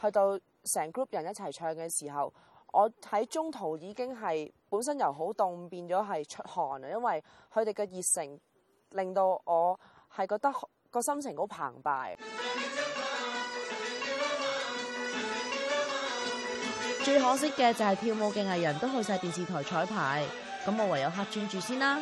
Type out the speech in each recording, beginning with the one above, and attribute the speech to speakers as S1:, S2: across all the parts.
S1: 去到成 group 人一齊唱嘅時候，我喺中途已經係本身由好凍變咗係出汗啊，因為佢哋嘅熱誠令到我係覺得個心情好澎湃。
S2: 最可
S1: 惜嘅就係跳舞嘅藝人都去晒電視台彩排，咁我唯有客串住先啦。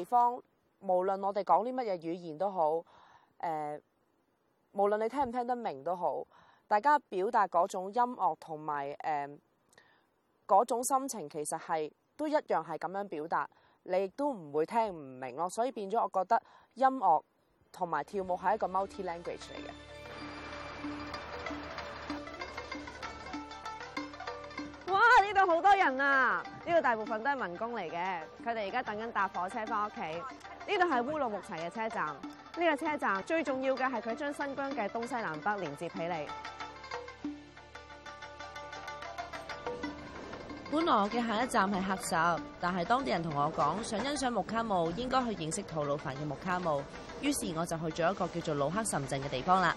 S1: 地方，呃，無論我哋講啲乜嘢語言都好，誒，無論你聽唔聽得明都好，大家表達嗰種音樂同埋誒嗰種心情，其實係都一樣係咁樣表達，你亦都唔會聽唔明咯。所以變咗，我覺得音樂同埋跳舞係一個 multi language 嚟嘅。呢度好多人啊！呢度大部分都係民工嚟嘅，佢哋而家等緊搭火車翻屋企。呢度係烏魯木齊嘅車站，呢、呢個車站最重要嘅係佢將新疆嘅東西南北連接起嚟。本來我嘅下一站係喀什，但係當地人同我講，想欣賞木卡姆應該去認識吐魯番嘅木卡姆，於是我就去咗一個叫做魯克什鎮嘅地方啦。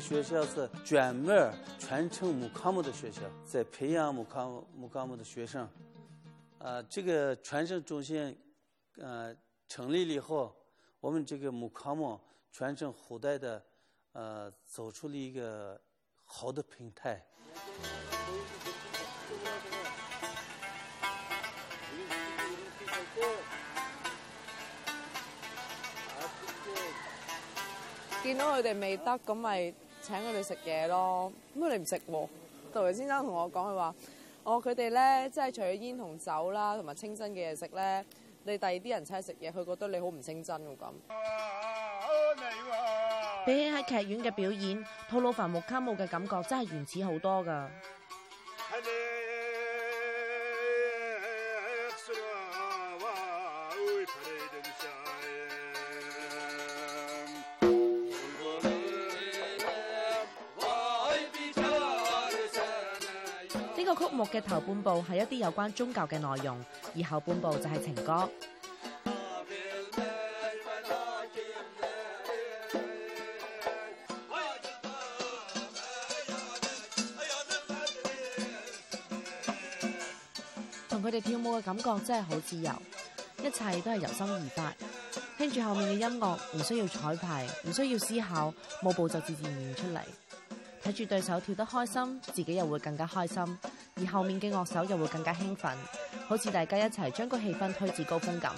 S2: 學校是專門傳承木卡姆的學校，在培養木卡姆木卡姆的學生。啊、呃，這個傳承中心，呃，成立了以後，我們這個木卡姆傳承後代的，呃，走出了一個好的平台。
S1: 見到佢哋未得，咁咪？請佢哋食嘢咯，咁啊你唔食喎。杜維先生同我講，佢話：哦，佢哋咧，即係除咗煙同酒啦，同埋清真嘅嘢食咧，你第二啲人出去食嘢，佢覺得你好唔清真喎咁。比起喺劇院嘅表演，吐魯番木卡姆嘅感覺真係原始好多㗎。目嘅頭半部係一啲有關宗教嘅內容，而後半部就係情歌。同佢哋跳舞嘅感覺真係好自由，一切都係由心而發。聽住後面嘅音樂，唔需要彩排，唔需要思考，舞步就自然演出嚟。睇住對手跳得開心，自己又會更加開心，而後面嘅樂手又會更加興奮，好似大家一齊將個氣氛推至高峰咁。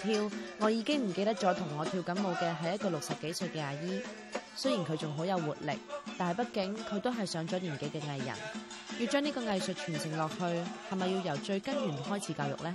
S1: 跳，我已經唔記得再同我跳緊舞嘅係一個六十幾歲嘅阿姨。雖然佢仲好有活力，但係畢竟佢都係上咗年紀嘅藝人。要將呢個藝術傳承落去，係咪要由最根源開始教育呢？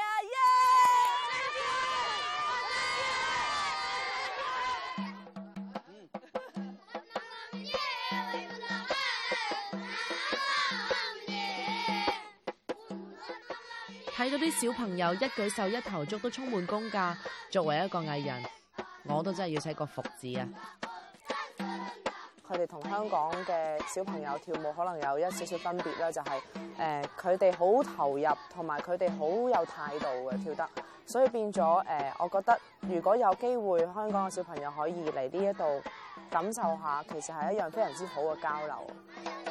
S1: 啲小朋友一舉手一投足都充滿功架，作為一個藝人，我都真係要寫個服字啊！佢哋同香港嘅小朋友跳舞可能有一少少分別啦，就係、是、誒，佢哋好投入，同埋佢哋好有態度嘅跳得，所以變咗誒、呃，我覺得如果有機會，香港嘅小朋友可以嚟呢一度感受下，其實係一樣非常之好嘅交流。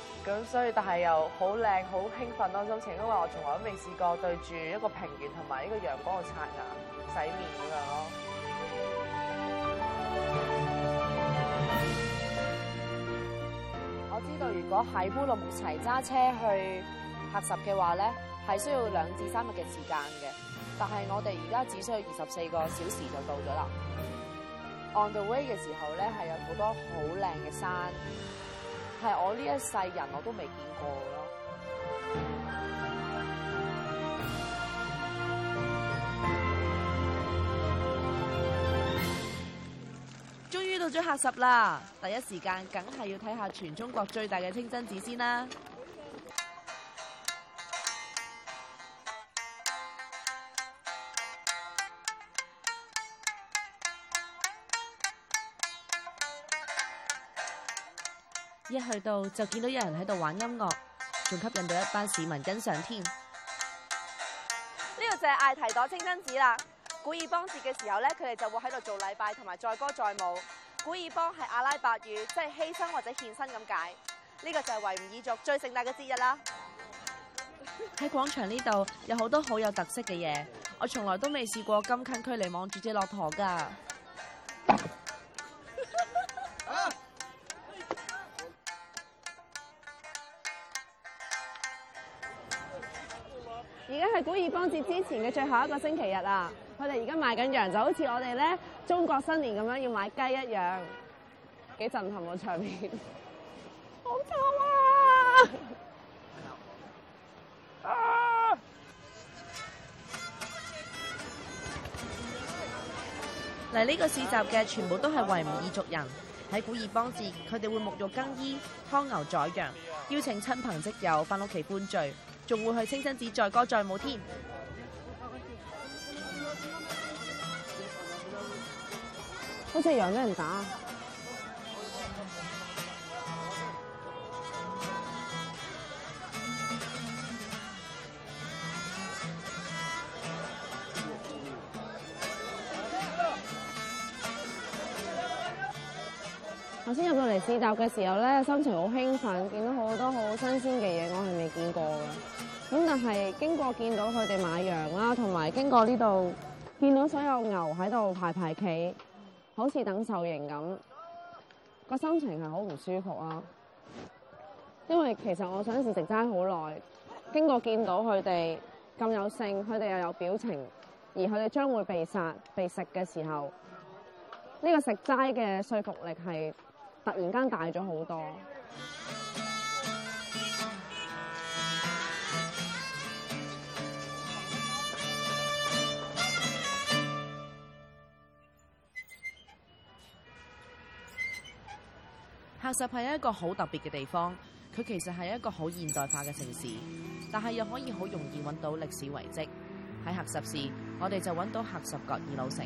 S1: 咁所以，但係又好靚，好興奮咯心情，因為我從來都未試過對住一個平原同埋一個陽光嘅刷牙、洗面咁樣咯。我知道如果喺烏魯木齊揸車去喀什嘅話咧，係需要兩至三日嘅時間嘅。但係我哋而家只需要二十四個小時就到咗啦。On the way 嘅時候咧，係有好多好靚嘅山。係我呢一世人我都未見過咯！終於到咗喀什啦，第一時間梗係要睇下全中國最大嘅清真寺先啦。一去到就見到有人喺度玩音樂，仲吸引到一班市民跟上添。呢個就係艾提朵清真寺啦。古爾邦節嘅時候咧，佢哋就會喺度做禮拜同埋載歌載舞。古爾邦係阿拉伯語，即係犧牲或者獻身咁解。呢個就係維吾爾族最盛大嘅節日啦。喺 廣場呢度有好多好有特色嘅嘢，我從來都未試過咁近距離望住隻駱駝噶。古爾邦節之前嘅最後一個星期日啊，佢哋而家賣緊羊，就好似我哋咧中國新年咁樣要買雞一樣，幾震撼嘅場面。好痛
S2: 啊！
S1: 嚟呢個市集嘅全部都係維吾爾族人，喺古爾邦節，佢哋會沐浴更衣，劏牛宰羊，邀請親朋戚友翻屋企歡聚。仲會去清真寺載歌載舞添，好似有人打。頭先入到嚟試搭嘅時候咧，心情好興奮，見到好多好新鮮嘅嘢，我係未見過嘅。咁但係經過見到佢哋買羊啦，同埋經過呢度見到所有牛喺度排排企，好似等受刑咁，個心情係好唔舒服啊，因為其實我想試食食齋好耐，經過見到佢哋咁有性，佢哋又有表情，而佢哋將會被殺被食嘅時候，呢、這個食齋嘅說服力係～突然間大咗好多。喀什係一個好特別嘅地方，佢其實係一個好現代化嘅城市，但係又可以好容易揾到歷史遺跡。喺喀什市，我哋就揾到喀什噶爾老城。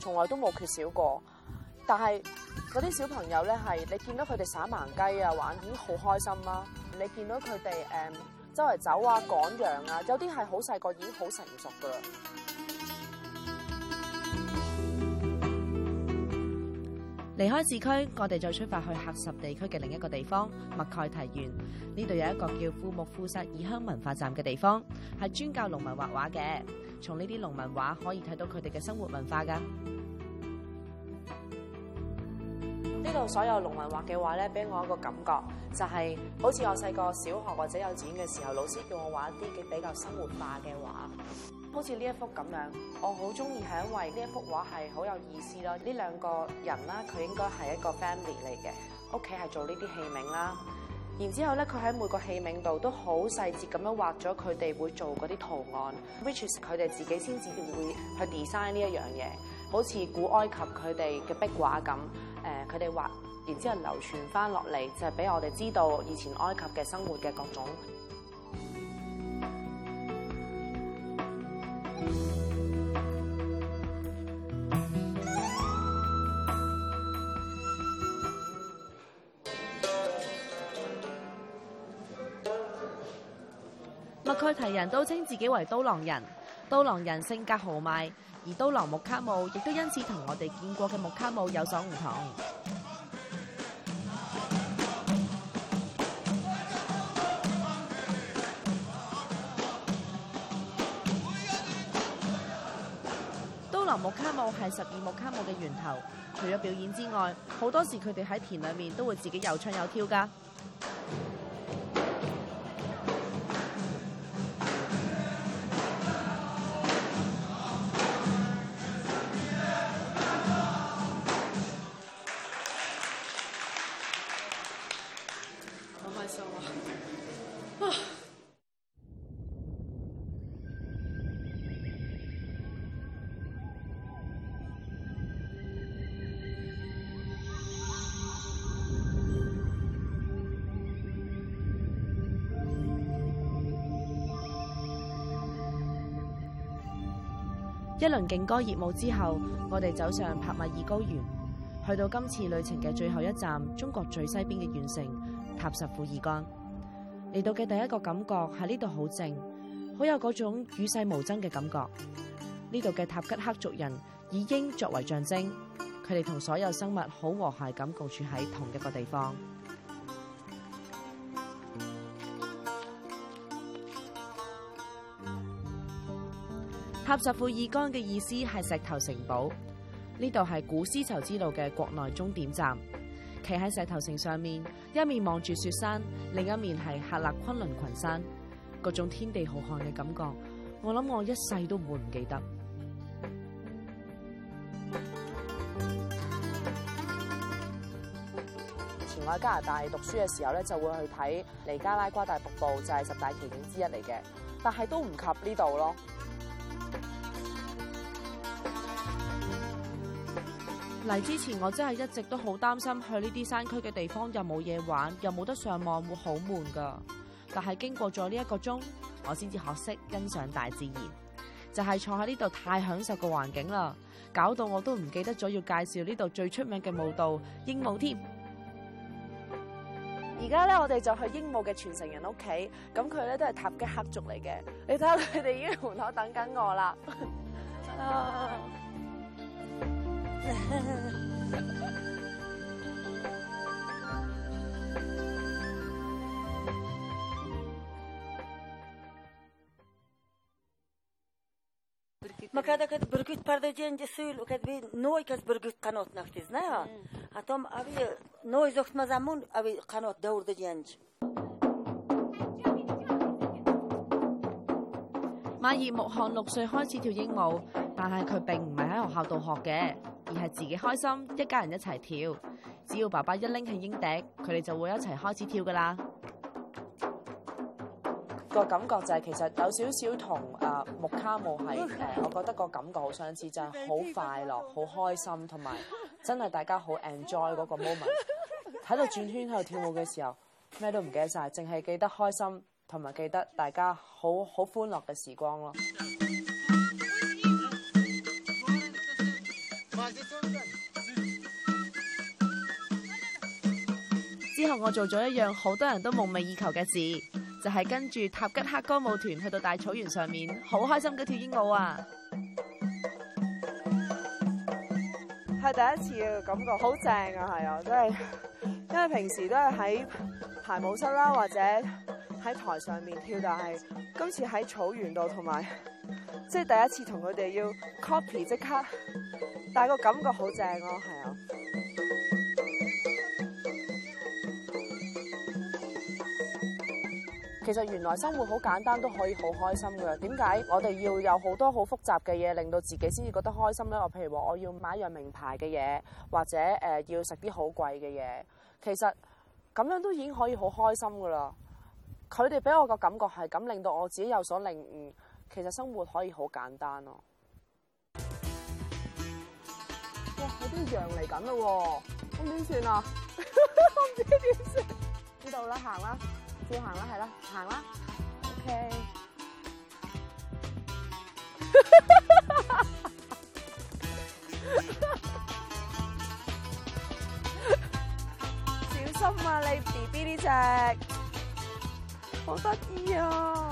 S1: 從來都冇缺少過，但係嗰啲小朋友咧，係你見到佢哋耍盲雞啊，玩已經好開心啦，啊。你見到佢哋誒，周圍走啊，趕羊啊，有啲係好細個，已經好成熟噶啦。離開市區，我哋再出發去喀什地區嘅另一個地方——麥蓋提縣。呢度有一個叫庫木庫薩爾鄉文化站嘅地方，係專教農民畫畫嘅。從呢啲農民畫可以睇到佢哋嘅生活文化噶，呢度所有農民畫嘅畫咧，俾我一個感覺就係，好似我細個小學或者幼稚園嘅時候，老師叫我畫一啲比較生活化嘅畫，好似呢一幅咁樣，我好中意係因為呢一幅畫係好有意思咯，呢兩個人啦，佢應該係一個 family 嚟嘅，屋企係做呢啲器皿啦。然之後咧，佢喺每個器皿度都好細節咁樣畫咗佢哋會做嗰啲圖案 ，which is 佢哋自己先至會去 design 呢一樣嘢。好似古埃及佢哋嘅壁畫咁，誒佢哋畫，然之後流傳翻落嚟就係俾我哋知道以前埃及嘅生活嘅各種。 佢提人都稱自己為刀郎人，刀郎人性格豪邁，而刀郎木卡姆亦都因此同我哋見過嘅木卡姆有所唔同。刀郎木卡姆係十二木卡姆嘅源頭，除咗表演之外，好多時佢哋喺田裏面都會自己又唱又跳噶。一輪勁歌熱舞之後，我哋走上帕米爾高原，去到今次旅程嘅最後一站——中國最西邊嘅縣城塔什庫爾干。嚟到嘅第一個感覺係呢度好靜，好有嗰種與世無爭嘅感覺。呢度嘅塔吉克族人以鷹作為象徵，佢哋同所有生物好和諧咁共處喺同一個地方。塔什庫爾干嘅意思係石頭城堡，呢度係古絲綢之路嘅國內終點站。企喺石頭城上面，一面望住雪山，另一面係喀喇昆崙群山，嗰種天地浩瀚嘅感覺，我諗我一世都唔會唔記得。以前我喺加拿大讀書嘅時候咧，就會去睇尼加拉瓜大瀑布，就係、是、十大奇景之一嚟嘅，但係都唔及呢度咯。嚟之前，我真係一直都好擔心去呢啲山區嘅地方又冇嘢玩，又冇得上網，會好悶㗎。但係經過咗呢一個鐘，我先至學識欣賞大自然，就係坐喺呢度太享受個環境啦，搞到我都唔記得咗要介紹呢度最出名嘅舞蹈鷹舞添。而家咧，我哋就去鷹舞嘅傳承人屋企，咁佢咧都係塔吉克族嚟嘅。你睇下佢哋已經門口等緊我啦。
S2: 馬爾
S1: 穆罕六歲開始跳英舞，但係佢並唔係喺學校度學嘅。而係自己開心，一家人一齊跳。只要爸爸一拎起鷹笛，佢哋就會一齊開始跳噶啦。個感覺就係、是、其實有少少同誒木卡姆係、呃，我覺得個感覺好相似，就係好快樂、好 開心，同埋真係大家好 enjoy 嗰個 moment。喺度轉圈喺度跳舞嘅時候，咩都唔記得晒，淨係記得開心，同埋記得大家好好歡樂嘅時光咯。之後我做咗一樣好多人都夢寐以求嘅事，就係跟住塔吉克歌舞團去到大草原上面，好開心嘅跳鷹舞啊！係第一次嘅感覺，好正啊！係啊，即係因為平時都係喺排舞室啦，或者喺台上面跳，但係今次喺草原度，同埋即係第一次同佢哋要 copy，即刻。但個感覺好正咯，係啊。其實原來生活好簡單都可以好開心嘅。點解我哋要有好多好複雜嘅嘢令到自己先至覺得開心咧？我譬如話我要買一樣名牌嘅嘢，或者誒、呃、要食啲好貴嘅嘢，其實咁樣都已經可以好開心噶啦。佢哋俾我個感覺係咁，令到我自己有所領悟。其實生活可以好簡單咯。有啲羊嚟緊咯，我點算啊？我唔知點算，呢度啦，行啦，照行啦，係啦，行啦，OK。 小心啊，你 B B 呢隻，好得意啊！